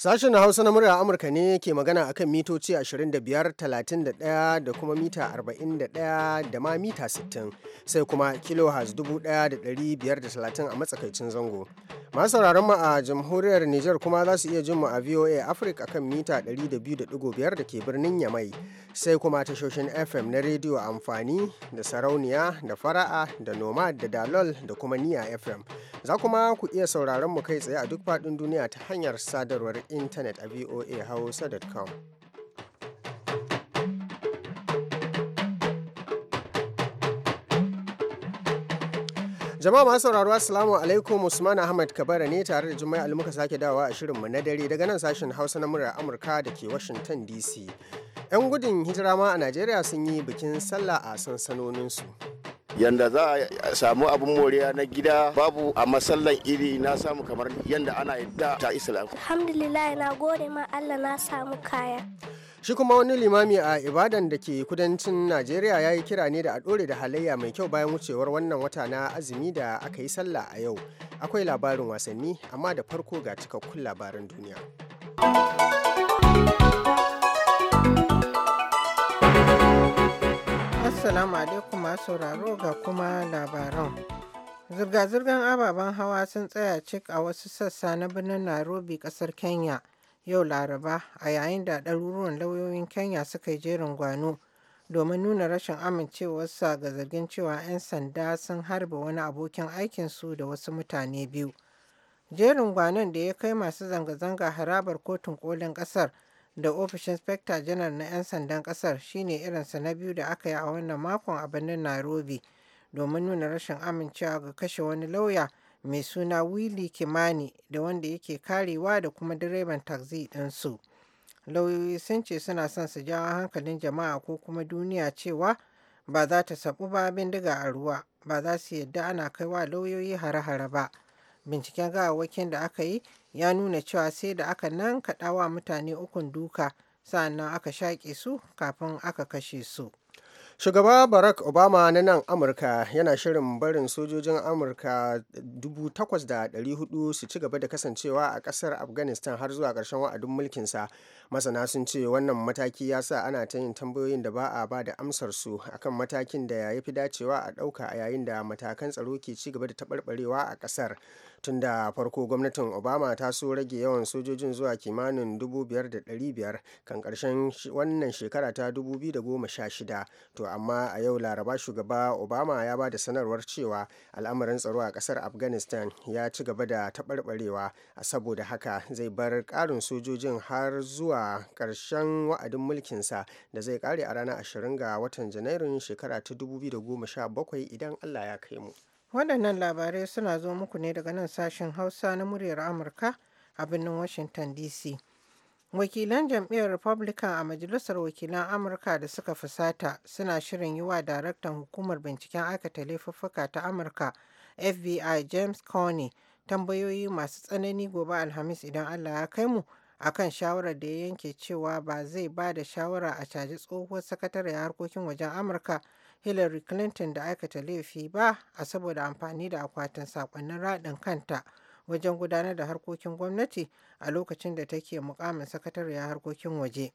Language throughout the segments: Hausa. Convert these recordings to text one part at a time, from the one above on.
Sashen Hausa na murya Amurka ne ke magana akan mitoci 25, 31 da kuma mita 41 da ma mita 60 sai kuma kilohaz 1530 a matsakaicin zango. Masu sauraron mu a jamhuriyar Nijar kuma za su iya jin mu a VOA Africa akan mita 200.5 da ke birnin Yamai sai kuma tashoshin FM na rediyo amfani da sarauniya da fara'a da nomad da dalol da kuma niya FM. Za kuma ku iya sauraron mu kai tsaye a duk faɗin duniya ta hanyar sadarwar intanet a voahausa.com. Jama'a masu sauraro Assalamu alaikum Usman Ahmad Kabara ne tare da Jummai Ali sake dawa a shirinmu na dare daga nan sashen Hausa na murar Amurka da ke Washington DC. 'Yan gudun hijira ma a Najeriya sun yi bikin sallah a sansanoninsu. yanda za a samu abin moriya na gida babu a masallan iri na samu kamar yanda ana yadda ta islam alhamdulillah na gode ma allah na samu kaya shi kuma wani limami a ibadan da ke kudancin najeriya ya yi kira ne da a dore da halayya mai kyau bayan wucewar wannan wata na azumi da aka yi sallah a yau akwai labarin wasanni amma da farko ga cikakkun labaran duniya Assalamu alaikum masu raro ga kuma labaran. Zirga-zirgar ababen hawa sun tsaya cik a wasu sassa na birnin Nairobi kasar Kenya yau Laraba a yayin da ɗaruruwan lauyoyin Kenya suka yi jerin gwano domin nuna rashin amincewarsa ga zargin cewa 'yan sanda sun harba wani abokin aikinsu da wasu mutane biyu. Jerin gwanon da ya kai masu zanga-zanga harabar kotun kolin ƙasar. kasar da ofishin specta janar na 'yan sandan kasar shine irinsa na biyu da aka yi a wannan makon a birnin Nairobi domin nuna rashin amincewa ga kashe wani lauya mai suna "Wili Kimani da wanda yake karewa da kuma direban taxi ɗinsu. Lauyoyi sun ce suna son su jawo hankalin jama'a ko kuma duniya cewa ba za ta sabu ba bindiga a ruwa ba za su yadda ana kaiwa lauyoyi hare-hare ba. binciken waken da aka yi ya nuna cewa sai da aka nan kaɗawa mutane ukun duka nan aka shaƙe su kafin aka kashe su. shugaba barack obama na nan amurka yana shirin barin sojojin amurka 8,400 su ci gaba da kasancewa a kasar afghanistan har zuwa karshen wa'adin mulkinsa masana sun ce wannan mataki ya sa ana ta yin tambayoyin da ba a ba da amsarsu akan matakin da ya fi dacewa a ɗauka a yayin da matakan tsaro ke ci gaba da taɓarɓarewa a ƙasar tunda da farko gwamnatin obama ta so rage yawan sojojin zuwa kimanin 5,500 kan karshen wannan shekara ta 2016 to amma a yau laraba shugaba obama ya ba da sanarwar cewa al'amarin tsaro a kasar afghanistan ya ci gaba da taɓarɓarewa a saboda haka zai bar ƙarin sojojin har zuwa ƙarshen wa'adin mulkinsa da zai ƙare a ranar 20 ga watan janairun shekara ta 2017 idan allah ya kai mu. Waɗannan labarai suna zo muku ne daga nan sashen Hausa na muryar Amurka a birnin Washington DC. Wakilan jam'iyyar Republican a Majalisar Wakilan Amurka da suka fusata suna shirin yi wa daraktan hukumar binciken aikata laifuffuka ta Amurka FBI James Coney tambayoyi masu tsanani gobe Alhamis idan Allah ya kai mu akan shawarar da ya yanke cewa ba zai ba da shawara a caji tsohuwar sakatare harkokin wajen Amurka Hillary Clinton da aikata laifi ba a saboda amfani da akwatin sakonnin raɗin kanta wajen gudanar da harkokin gwamnati a lokacin da take mukamin sakatariyar harkokin waje.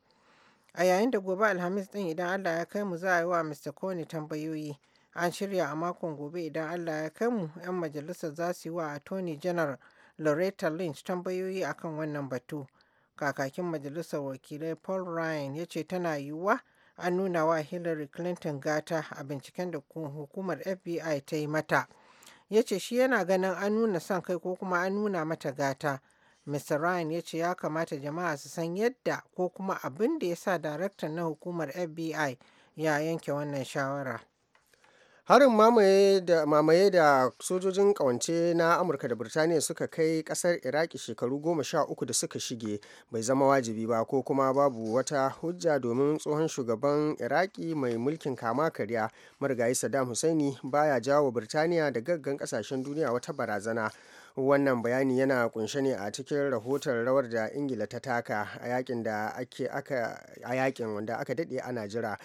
A yayin da gobe Alhamis din idan Allah ya kai mu za a yi wa Mr. Kone tambayoyi. An shirya a makon gobe idan Allah ya kai mu 'yan majalisar za su yi wa Attorney General Loretta Lynch tambayoyi akan wannan batu. Kakakin majalisar wakilai Paul Ryan ya ce tana yiwuwa an nuna wa hillary clinton gata a binciken da hukumar fbi ta yi mata ya ce shi yana ganin an nuna son kai ko kuma an nuna mata gata mr ryan ya ce ya kamata jama'a su san yadda ko kuma abin da ya sa daraktan na hukumar fbi ya yanke wannan shawara harin mamaye da sojojin kawance na amurka da birtaniya suka kai kasar iraki shekaru goma sha uku da suka shige bai zama wajibi ba ko kuma babu wata hujja domin tsohon shugaban iraki mai mulkin kama karya marigayi saddam husaini baya jawo wa birtaniya da gaggan kasashen duniya wata barazana wannan bayani yana kunshe ne a cikin rahoton rawar da ingila ta taka a yakin da aka a yakin wanda aka dade ana jira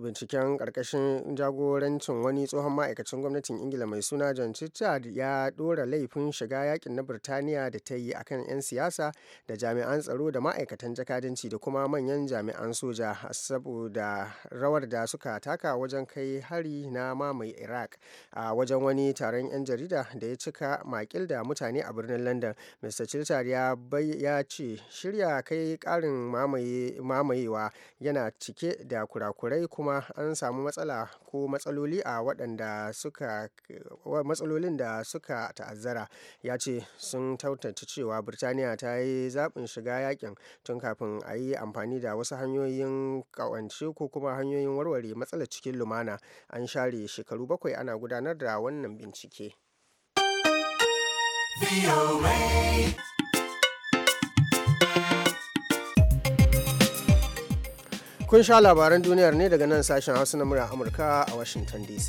binciken karkashin jagorancin wani tsohon ma'aikacin gwamnatin ingila mai suna john chichard ya dora laifin shiga yakin na birtaniya da ta yi akan 'yan siyasa da jami'an tsaro da ma'aikatan jakadanci da kuma manyan jami'an soja saboda rawar da suka taka wajen kai hari na mamaye iraq a wajen wani taron 'yan jarida da ya cika makil da mutane a birnin london mr chichard ya ce shirya kai karin mamayewa yana cike da kurakurai labarai kuma an samu matsala ko matsaloli a waɗanda suka matsalolin da suka ta'azzara ya ce sun tautance cewa birtaniya ta yi zaɓin shiga yakin tun kafin a yi amfani da wasu hanyoyin ƙawance ko kuma hanyoyin warware matsalar cikin lumana an share shekaru bakwai ana gudanar da wannan bincike. kun sha labaran duniyar ne daga nan sashen hausa na murya amurka a washington dc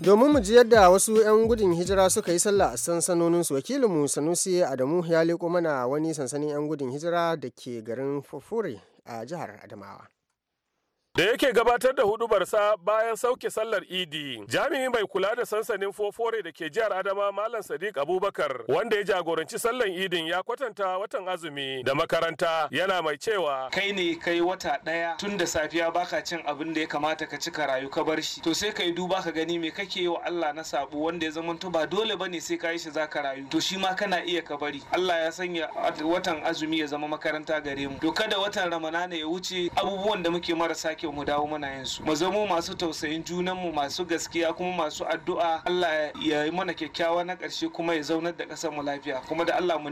domin mu ji yadda wasu 'yan gudun hijira suka yi sallah a sansanonin su wakilinmu sanusi adamu ya leko mana wani sansanin 'yan gudun hijira da ke garin fufuri a jihar adamawa da yake gabatar da hudubarsa bayan sauke sallar idi jami'i mai kula da sansanin fofore da ke jihar adama malam sadiq abubakar wanda ya jagoranci sallar idin ya kwatanta watan azumi da makaranta yana mai cewa kai ne kai wata daya tun da safiya baka cin abin da ya kamata ka ci ka rayu ka bar shi to sai kai duba ka gani me kake yi wa Allah na sabo wanda ya zama ba dole bane sai ka yi shi za ka rayu to shi ma kana iya ka bari Allah ya sanya watan azumi ya zama makaranta gare mu to kada watan ramadana ya wuce abubuwan da muke marasa sake mu dawo mana yin su mu zamo masu tausayin junan mu masu gaskiya kuma masu addu'a Allah ya yi mana kyakkyawa na ƙarshe kuma ya zaunar da ƙasar mu lafiya kuma da Allah mu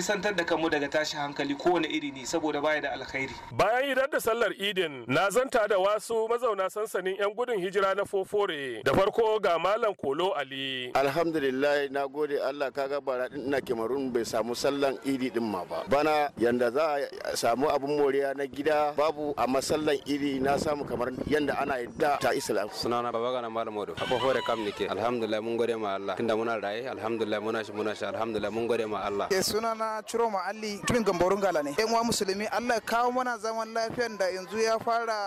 santar da kanmu daga tashi hankali kowane iri ne saboda baya da alkhairi bayan idan da sallar idin na zanta da wasu mazauna sansanin yan gudun hijira na fofore da farko ga malam kolo ali alhamdulillah na gode Allah kaga bara din ina kemarun bai samu sallan idi din ma ba bana yanda za a samu abun moriya na gida babu a masallan idi tv na samu kamar yanda ana yadda ta islam sunana babaga na malam a akwai da kam nike alhamdulillah mun gode ma allah tunda muna raye alhamdulillah muna shi muna shi alhamdulillah mun gode ma allah eh sunana ciro ma alli tun gamborun gala ne yan uwa musulmi allah ya kawo mana zaman lafiyan da yanzu ya fara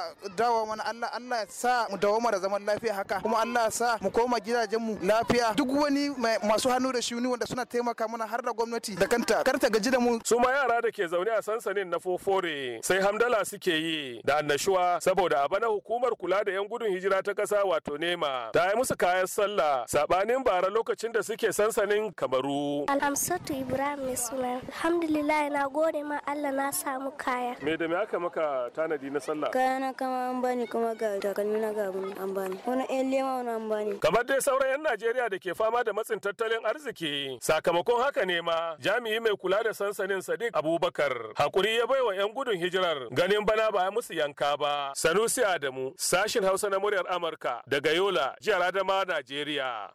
dawo mana allah allah ya sa mu dawo mana zaman lafiya haka kuma allah ya sa mu koma gidajen mu lafiya duk wani masu hannu da shuni wanda suna taimaka mana har da gwamnati da kanta kar ta gaji da mu su ma yara da ke zaune a sansanin na fofore sai hamdala suke yi da annashuwa saboda a bana hukumar kula da 'yan gudun hijira ta kasa wato nema ta yi musu kayan sallah saɓanin bara lokacin da suke sansanin kamaru. Alhamsatu Ibrahim mai suna. Alhamdulillah na gode ma Allah na samu kaya. Me da me aka maka tanadi na sallah? Kaya na kama an bani kuma ga takalmi na ga an bani. Wani ɗan lema wani an bani. Kamar dai sauran 'yan Najeriya da ke fama da matsin tattalin arziki. Sakamakon haka ne ma jami'i mai kula da sansanin Sadiq Abubakar. Hakuri ya baiwa 'yan gudun hijirar ganin bana ba musu yanka ba. Sanusi Adamu, sashin Hausa na muryar Amurka daga Yola, jihar Adama, Najeriya.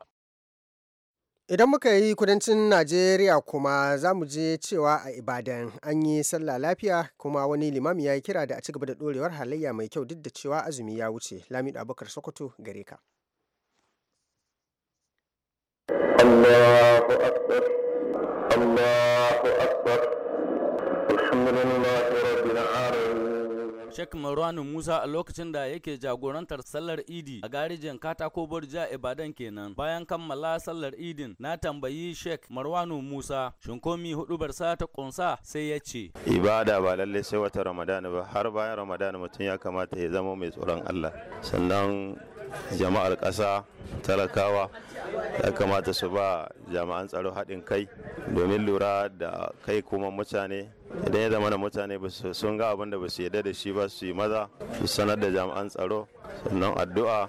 Idan muka yi kudancin Najeriya kuma za mu je cewa a Ibadan an yi sallah lafiya kuma wani limami ya yi kira da a ci gaba da ɗorewar halayya mai kyau duk da cewa azumi ya wuce. Lamidu Abubakar Sokoto gare ka. Allahu Akbar, Allahu Akbar, Alhamdulillahi Rabbil Alamin. Sheikh Marwan Musa a lokacin da yake jagorantar sallar Idi a garejin Katako Borja Ibadan kenan. Bayan kammala sallar Idin na tambayi Sheikh Marwanu Musa shin komi hudubar sa ta kunsa sai ya ce ibada ba lalle sai wata Ramadan ba har bayan Ramadan mutum ya kamata ya zama mai tsoron Allah. Sannan jama'ar ƙasa talakawa ya kamata su ba jama'an tsaro haɗin kai domin lura da kai kuma mutane idan ya zama da mutane sun ga abin da ba su yarda da shi ba su yi maza su sanar da jami'an tsaro sannan addu'a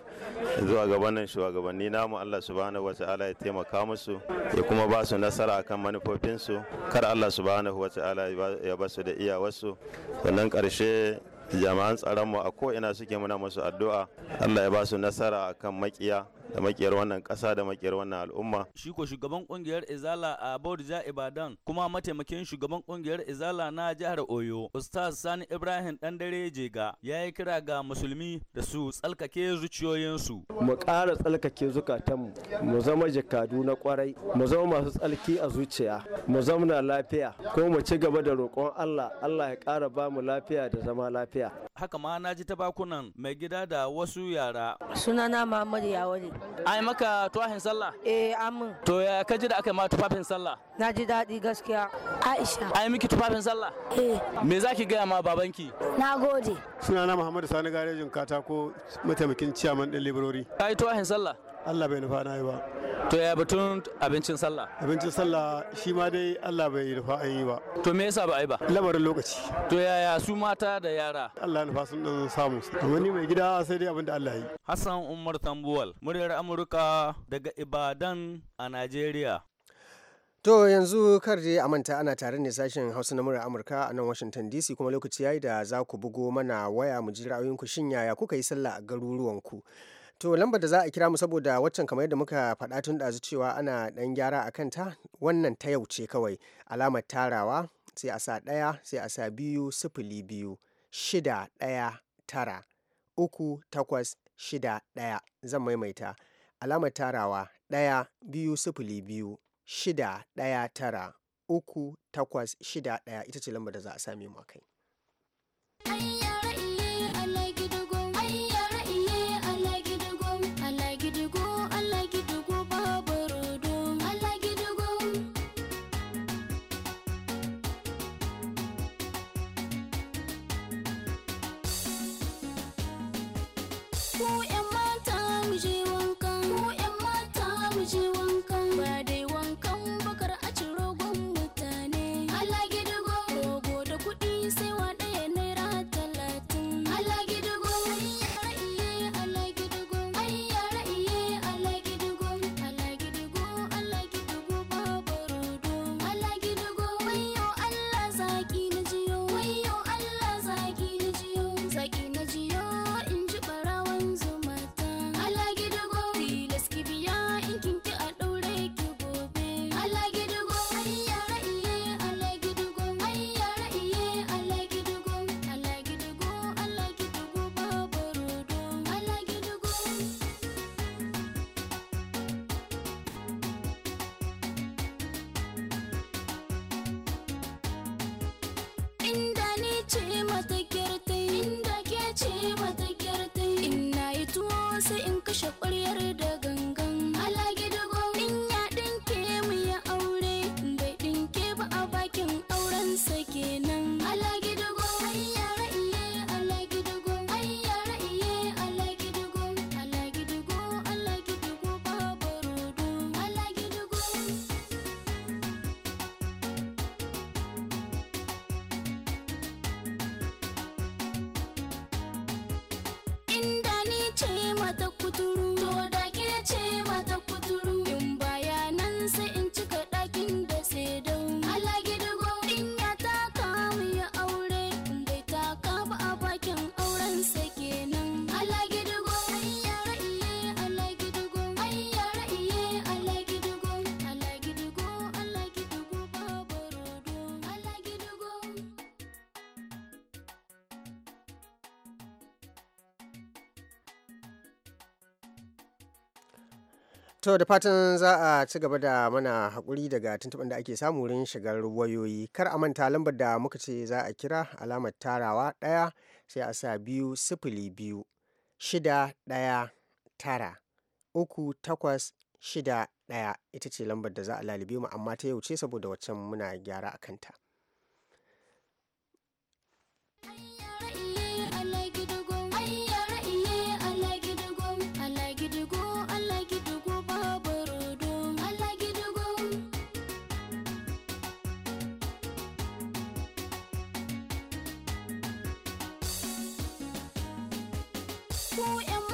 zuwa gabanin shugabanni namu Allah subhanahu wa ta'ala ya taimaka musu ya kuma ba su nasara akan manufofinsu kar Allah subhanahu wa ta'ala ya ba su da iyawarsu sannan karshe. jami'an mu a ko ina suke muna musu addu'a allah ya ba su nasara akan makiya da makiyar wannan ƙasa da makiyar wannan al'umma. Shi ko shugaban kungiyar Izala a Bodija Ibadan kuma mataimakin shugaban kungiyar Izala na jihar Oyo, Ustaz Sani Ibrahim Dare Jega ya yi kira ga musulmi da su tsalkake zuciyoyinsu. Mu ƙara tsalkake zukatanmu, mu zama jakadu na kwarai, mu zama masu tsalki a zuciya, mu na lafiya, ko mu ci gaba da roƙon Allah, Allah ya ƙara ba mu lafiya da zama lafiya. Haka ma na ji ta bakunan mai gida da wasu yara. Sunana Muhammadu Yawari. Ai maka tuwafin sallah? Eh amin. To ya ka ji da aka ma tufafin sallah? Na ji daɗi gaskiya. Aisha. Ai miki tufafin sallah? Eh. Me za ki gaya ma babanki? Na gode. na Muhammadu Sani Garejin Katako mataimakin ciyaman ɗin Ka yi tuwafin sallah? Allah bai nufa na yi ba. to ya batun abincin sallah abincin sallah shi ma dai Allah bai rufa an yi ba to me yasa ba yi ba lamarin lokaci to yaya su mata da yara Allah rufa sun dan samu amma ni mai gida sai dai abin da Allah yi Hassan Umar Tambuwal muryar Amurka daga Ibadan a Najeriya To yanzu kar dai manta ana tare ne sashen Hausa na murar Amurka a nan Washington DC kuma lokaci yayi da za ku bugo mana waya mu ji ra'ayoyinku shin yaya kuka yi sallah a garuruwanku. ku. To lambar da za a kira mu saboda waccan kamar yadda muka faɗa tun ɗazu cewa ana ɗan gyara a kanta wannan ta yau ce kawai alamar tarawa sai a sa ɗaya sai a sa biyu sifili biyu shida ɗaya tara uku takwas shida ɗaya zan maimaita alamar tarawa ɗaya biyu sifili biyu shida ɗaya tara uku takwas shida ɗaya ita ce lambar da za a same mu a kai. who To da fatan za a ci gaba da mana haƙuri daga tuntuɓin da ake samu wurin shigar wayoyi. Kar a manta lambar da muka ce za a kira alamar tarawa ɗaya sai a sa biyu sifili biyu shida ɗaya tara uku takwas shida ɗaya ita ce lambar da za a lalibe mu amma ta yauce saboda waccan muna gyara a kanta. I?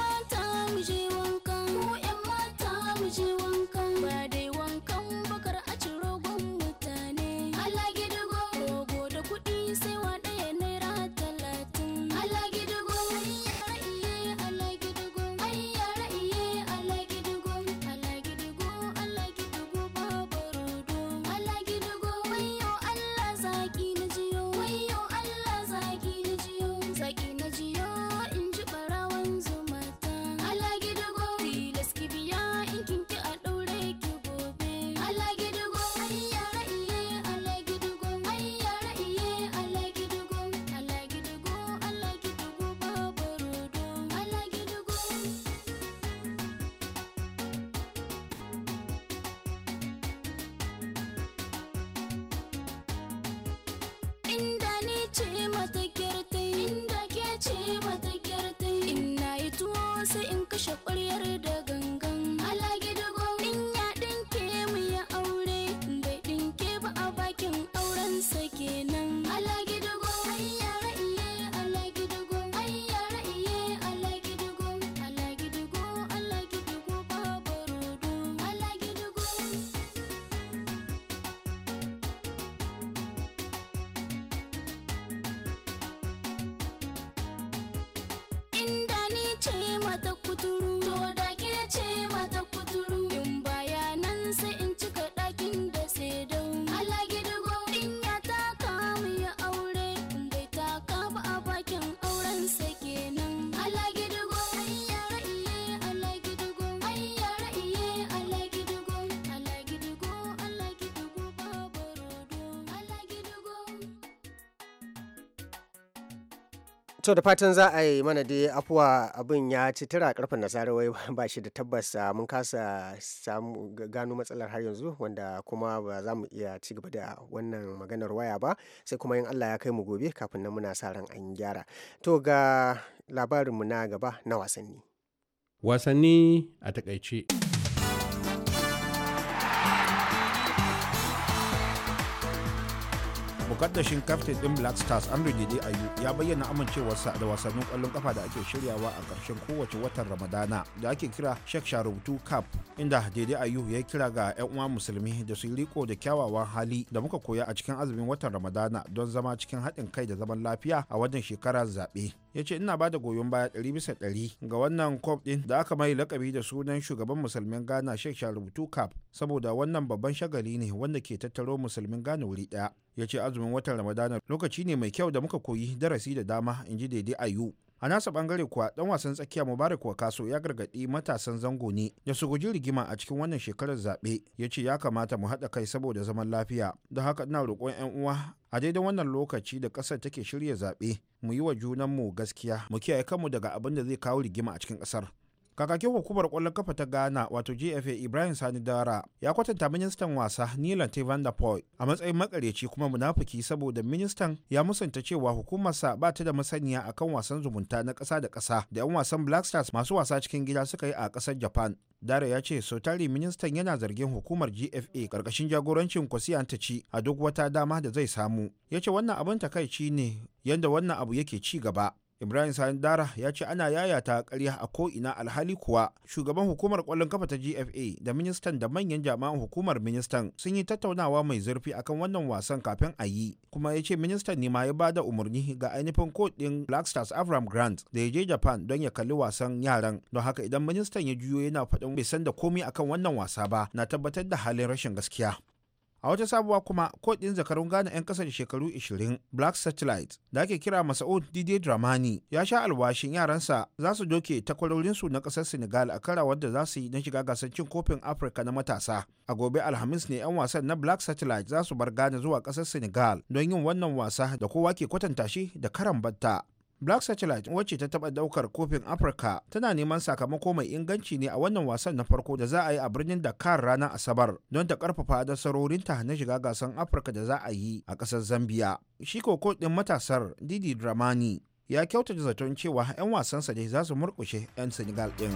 to da fatan za a yi mana dai afuwa abin ya ci tara karfin nasara wai ba shi da tabbas ah, mun kasa samu gano matsalar har yanzu wanda kuma ba za mu iya ci gaba da wannan maganar waya ba sai kuma yin Allah ya kai mu gobe kafin nan muna sa ran an yi gyara to ga labarinmu na gaba na wasanni wasanni a takaice mukaddashin kaftin din black stars an rigide ayu ya bayyana amincewarsa da wasannin kwallon kafa da ake shiryawa a ƙarshen kowace watan ramadana da ake kira sheikh sharubutu cup inda daidai ayu ya kira ga 'yan uwa musulmi da su riko da kyawawan hali da muka koya a cikin azumin watan ramadana don zama cikin haɗin kai da zaman lafiya a wannan shekarar zaɓe ya ce ina ba da goyon baya ɗari bisa ɗari ga wannan cop ɗin da aka mai lakabi da sunan shugaban musulmin ghana sheikh sharubutu cap saboda wannan babban shagali ne wanda ke tattaro musulmin ghana wuri ɗaya ya ce azumin watan ramadana lokaci ne mai kyau da muka koyi darasi da dama in ji daidai ayu a nasa bangare kuwa dan wasan tsakiya mubarak wa kaso ya gargadi matasan zango ne da su guji rigima a cikin wannan shekarar zaɓe ya ce ya kamata mu haɗa kai saboda zaman lafiya don haka ina roƙon 'yan uwa a daidai wannan lokaci da ƙasar take shirya zaɓe mu yi wa junan mu gaskiya mu kiyaye kanmu daga abin da zai kawo rigima a cikin ƙasar kakakin hukumar kwallon kafa ta ghana wato gfa ibrahim sani dara ya kwatanta ministan wasa nilan van der a matsayin makareci kuma munafiki saboda ministan ya musanta cewa hukumarsa ba ta da masaniya akan wasan zumunta na ƙasa da ƙasa da 'yan wasan black stars masu wasa cikin gida suka yi a ƙasar japan dare ya ce sautari ministan yana zargin hukumar gfa karkashin jagorancin kwasi ci a duk wata dama da zai samu ya ce wannan abin takaici ne yadda wannan abu yake ci gaba ibrahim sani dara ya ce ana yayata karya a ko'ina alhali kuwa shugaban hukumar kwallon kafa ta gfa da ministan da manyan jama'an hukumar ministan sun yi tattaunawa mai zurfi akan wannan wasan kafin a yi kuma ya ce ministan ne ma ya ba da umarni ga ainihin kodin black stars avram grant da ya je japan don ya kalli wasan yaran don haka idan ministan ya juyo yana faɗin bai san da komai akan wannan wasa ba na tabbatar da halin rashin gaskiya a wata sabuwa kuma kodin zakarun gane 'yan kasar shekaru 20 black satellite da ake kira masa'ud dj dramani ya sha alwashin yaransa za su doke takwarorinsu na kasar senegal a kara wadda za su yi na shiga gasar cin kofin afirka na matasa a gobe alhamis ne 'yan wasan na black satellite za su bar gane zuwa kasar senegal don yin wannan wasa da kowa ke kwatanta shi da karan Black Satellite wacce ta taɓa ɗaukar kofin Afirka tana neman sakamako mai inganci ne a wannan wasan na farko da za a yi a birnin Dakar ranar Asabar don ta ƙarfafa nasarorinta na shiga gasan Afirka da za a yi a ƙasar Zambia. Shi koko ɗin matasar Didi Dramani ya kyautata zaton cewa 'yan wasansa dai za su murƙushe 'yan Senegal ɗin.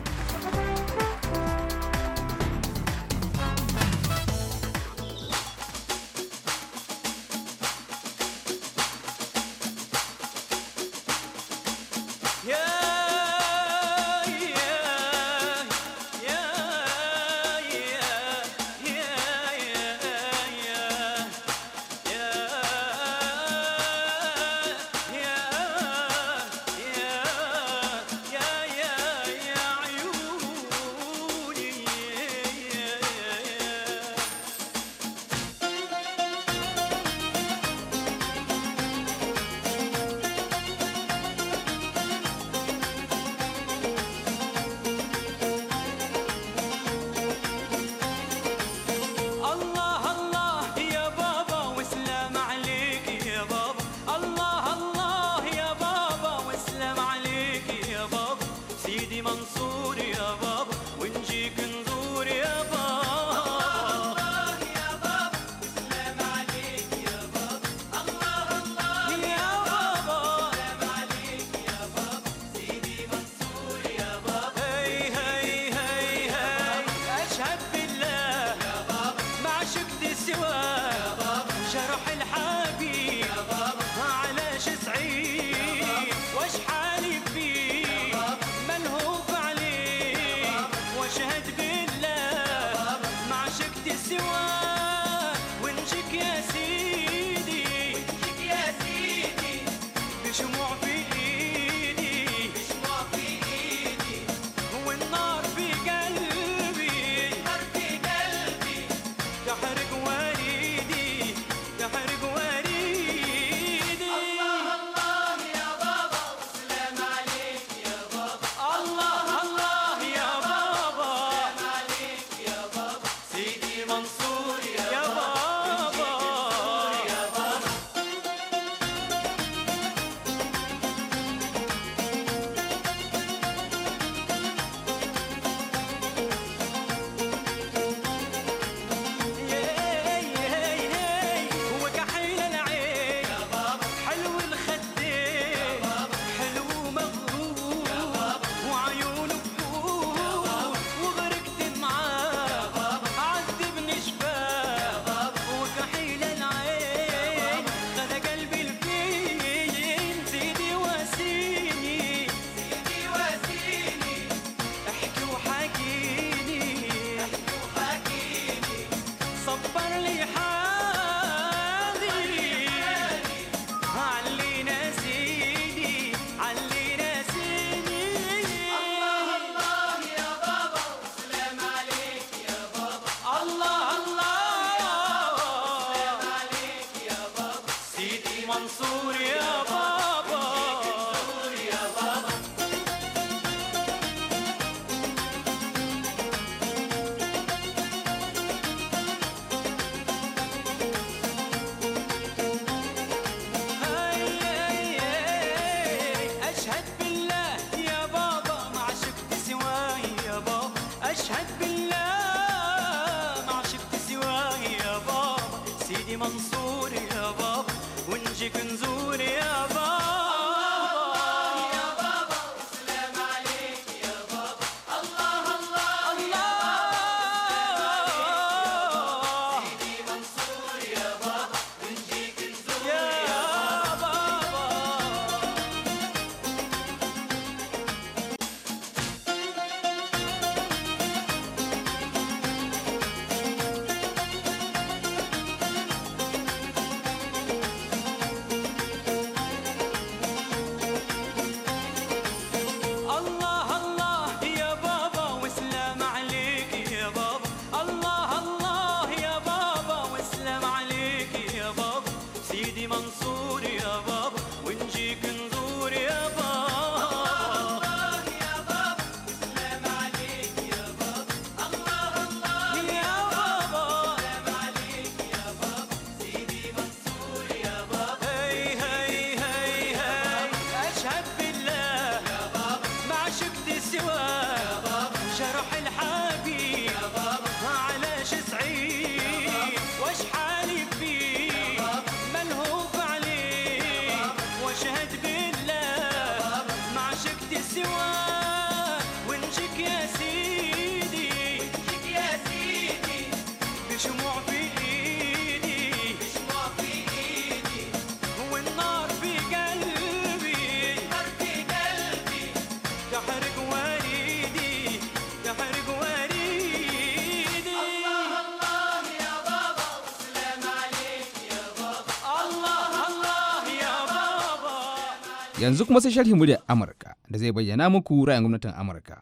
Yanzu kuma sai sharhin da Amurka da zai bayyana muku ra'ayin gwamnatin Amurka.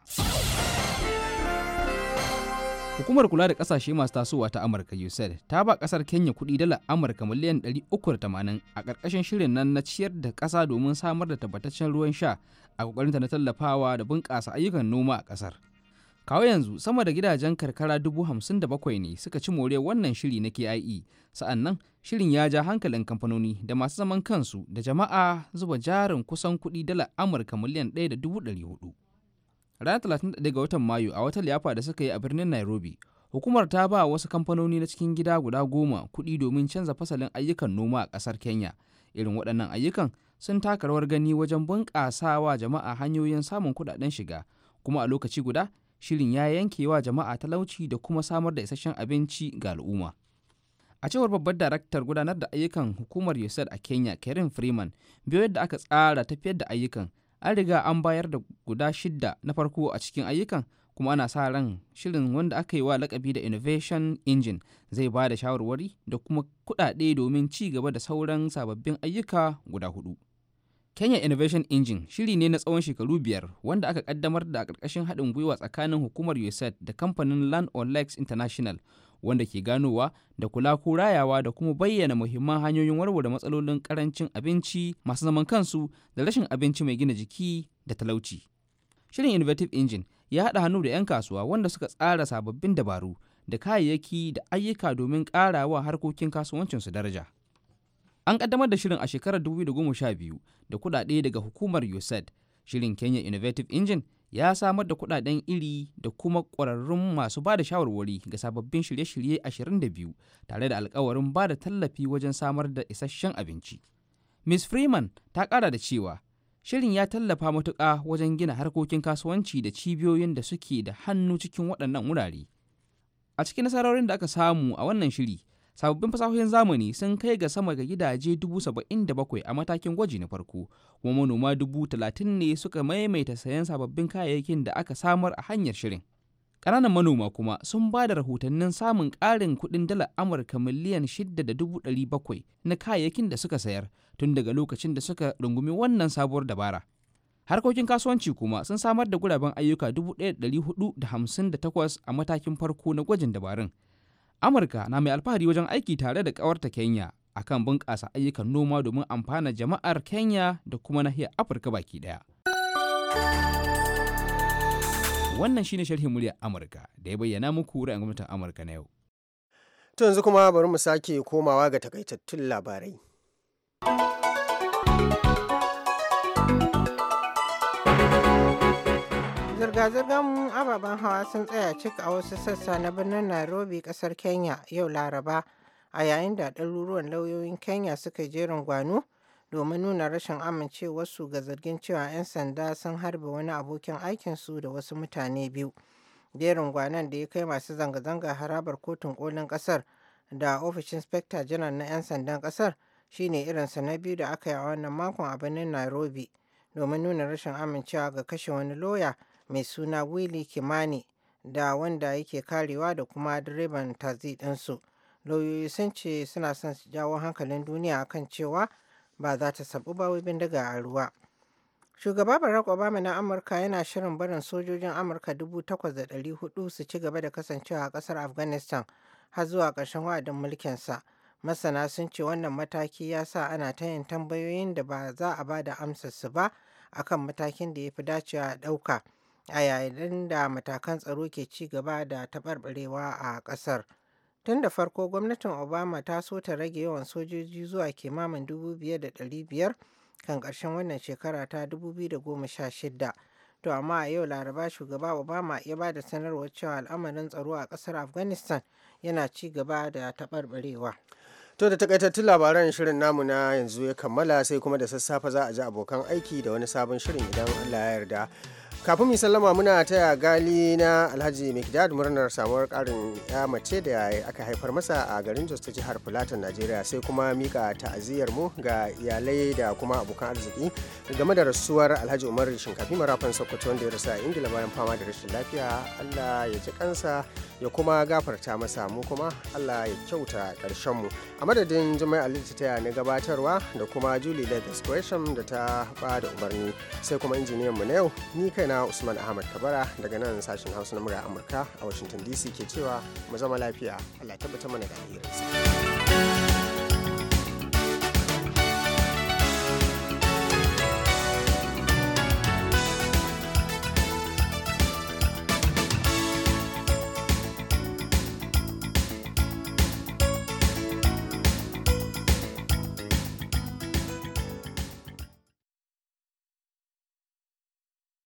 Hukumar kula da kasashe masu tasowa ta Amurka USAID ta ba kasar Kenya kuɗi dala Amurka miliyan 380 a ƙarƙashin shirin nan na ciyar da ƙasa domin samar da tabbataccen ruwan sha a ƙoƙarinta na tallafawa da bunƙasa ayyukan noma a ƙasar. kawo yanzu sama da gidajen karkara 57 ne suka ci more wannan shiri na KIE sa'annan shirin ya ja hankalin kamfanoni da masu zaman kansu da jama'a zuba jarin kusan kuɗi dala amurka miliyan 1.4 ranar 31 ga watan mayu a wata liyafa da suka yi a birnin nairobi hukumar ta ba wasu kamfanoni na cikin gida guda goma kudi domin canza fasalin ayyukan noma a kasar kenya irin waɗannan ayyukan sun taka rawar gani wajen bunƙasa wa jama'a hanyoyin samun kuɗaɗen shiga kuma a lokaci guda shirin ya yanke wa jama'a talauci da kuma samar da isasshen abinci ga al'umma a cewar babbar daraktar gudanar da ayyukan hukumar usaid a kenya karen freeman biyo yadda aka tsara tafiyar da ayyukan an riga an bayar da guda shidda na farko a cikin ayyukan kuma ana sa ran shirin wanda aka yi wa lakabi da innovation engine zai ba da shawarwari da kuma kuɗaɗe domin ci gaba da sauran sababbin ayyuka guda hudu Kenya Innovation Engine shiri ne na tsawon shekaru biyar wanda aka kaddamar da a ƙarƙashin haɗin gwiwa tsakanin hukumar USAID da kamfanin Land on Lakes International wanda ke ganowa da kula ko rayawa da kuma bayyana muhimman hanyoyin warware matsalolin karancin abinci masu zaman kansu da rashin abinci mai gina jiki da talauci. Shirin Innovative Engine ya haɗa hannu da 'yan kasuwa wanda suka tsara sababbin dabaru da kayayyaki da ayyuka domin ƙarawa harkokin kasuwancinsu daraja. An kaddamar da shirin a shekarar 2012 da kudade daga hukumar USAID. Shirin Kenya Innovative Engine ya samar da kudaden iri da kuma ƙwararrun masu ba da shawarwari ga sababbin shirye-shirye 22 tare da alkawarin ba da tallafi wajen samar da isasshen abinci. Ms. Freeman ta ƙara da cewa shirin ya tallafa matuƙa wajen gina harkokin kasuwanci da cibiyoyin da suke da hannu cikin waɗannan wurare. A cikin nasarorin da aka samu a wannan shiri, sababbin fasahohin zamani sun kai ga sama ga gidaje 77,000 a matakin gwaji na farko kuma manoma 30,000 ne suka maimaita sayan sababbin kayayyakin da aka samar a hanyar shirin ƙananan manoma kuma sun ba da rahotannin samun ƙarin kuɗin dalar amurka miliyan 6,700 na kayayyakin da suka sayar tun daga lokacin da suka rungumi wannan sabuwar dabara harkokin kasuwanci kuma sun samar da guraben ayyuka 1,458 a matakin farko na gwajin dabarun amurka na mai alfahari wajen aiki tare da ƙawarta kenya akan bunƙasa ayyukan noma domin amfana jama'ar kenya da kuma nahiyar afirka baki ɗaya wannan shine sharhin muryar amurka da ya bayyana muku ra'ayin gwamnatin amurka na yau to yanzu kuma bari mu sake komawa ga takaitattun labarai Zirga-zirgar ababen hawa sun tsaya cik a wasu sassa na birnin Nairobi kasar Kenya yau Laraba a yayin da ɗaruruwan lauyoyin Kenya suka jerin gwanu, domin nuna rashin amincewarsu ga zargin cewa 'yan sanda sun harbe wani abokin aikinsu da wasu mutane biyu. Jerin gwanan da ya kai masu zanga-zanga harabar kotun kolin kasar da ofishin spectre janar na 'yan sandan kasar shine irinsa na biyu da aka yi a wannan makon a birnin Nairobi domin nuna rashin amincewa ga kashe wani loya mai suna willy kimani da wanda yake karewa da kuma direban tazi ɗinsu lauyoyi sun ce suna son su jawo hankalin duniya kan cewa ba za ta sabu ba wai bindiga a ruwa shugaba barack obama na amurka yana shirin barin sojojin amurka 8,400 su ci gaba da kasancewa a kasar afghanistan har zuwa ƙarshen wa'adin mulkinsa masana sun ce wannan mataki ya sa ana ta yin tambayoyin da ba za a ba da amsarsu ba akan matakin da ya fi dacewa a ɗauka a yayin da matakan tsaro ke ci gaba da tabarbarewa a ƙasar. Tun da farko gwamnatin Obama ta so ta rage yawan sojoji zuwa kimamin 5,500 kan ƙarshen wannan shekara ta 2016. To amma a yau Laraba shugaba Obama ya ba da sanarwar cewa al'amarin tsaro a ƙasar Afghanistan yana ci gaba da taɓarɓarewa. To da takaitattun labaran shirin namu na yanzu ya kammala sai kuma da sassafe za a ji abokan aiki da wani sabon shirin idan Allah ya yarda. kafin mu sallama muna taya gali na alhaji mikdad murnar samuwar karin ya mace da aka haifar masa a garin jos ta jihar filatin najeriya sai kuma mika ta'aziyar mu ga iyalai da kuma abokan arziki game da rasuwar alhaji umar shinkafi marafan sokoto wanda ya rasa ingila bayan fama da rashin lafiya allah ya ji kansa ya kuma gafarta masa mu kuma Allah ya kyauta mu a madadin jama'a taya na gabatarwa da kuma Julie Leathers Gresham da ta ba da umarni sai kuma injiniyan mu na yau ni kaina Usman Ahmad Kabara daga nan sashen Hausa na murya Amurka a Washington DC ke cewa mu zama lafiya Allah tabbata mana da alherinsa.